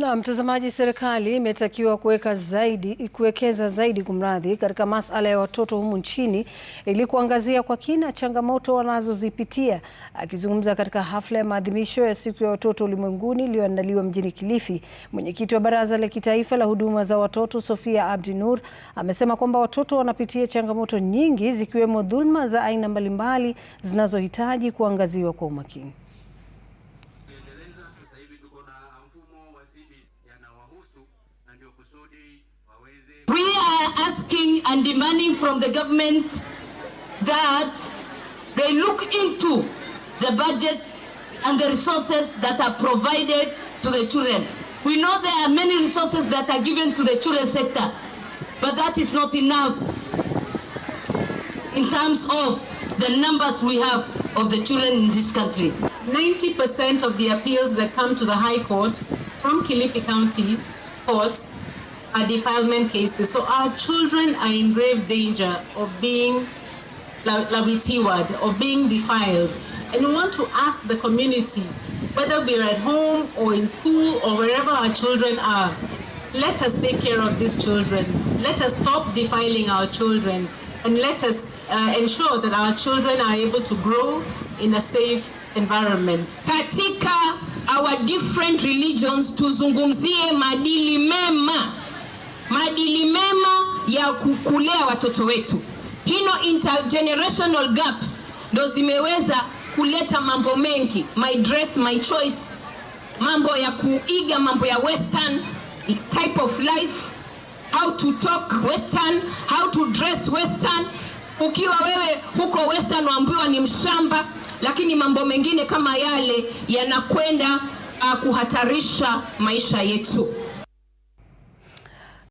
Na mtazamaji, serikali imetakiwa kuweka zaidi kuwekeza zaidi kumradhi, katika masuala ya watoto humu nchini ili kuangazia kwa kina changamoto wanazozipitia. Akizungumza katika hafla ya maadhimisho ya siku ya watoto ulimwenguni iliyoandaliwa mjini Kilifi, mwenyekiti wa Baraza la Kitaifa la Huduma za Watoto, Sofia Abdi Nur, amesema kwamba watoto wanapitia changamoto nyingi zikiwemo dhulma za aina mbalimbali zinazohitaji kuangaziwa kwa umakini. We are asking and demanding from the government that they look into the budget and the resources that are provided to the children. We know there are many resources that are given to the children sector, but that is not enough in terms of the numbers we have of the children in this country. 90% of the appeals that come to the High Court from Kilifi County courts are defilement cases. So our children are in grave danger of being labitiwad, of being defiled. And we want to ask the community, whether we're at home or in school or wherever our children are, let us take care of these children. Let us stop defiling our children and let us uh, ensure that our children are able to grow in a safe environment. Katika our different religions, tuzungumzie maadili mema, maadili mema ya kukulea watoto wetu. Hino intergenerational gaps ndo zimeweza kuleta mambo mengi, my dress my choice, mambo ya kuiga, mambo ya western type of life, how to talk western, how to dress western. Ukiwa wewe huko western waambiwa ni mshamba lakini mambo mengine kama yale yanakwenda ah, kuhatarisha maisha yetu.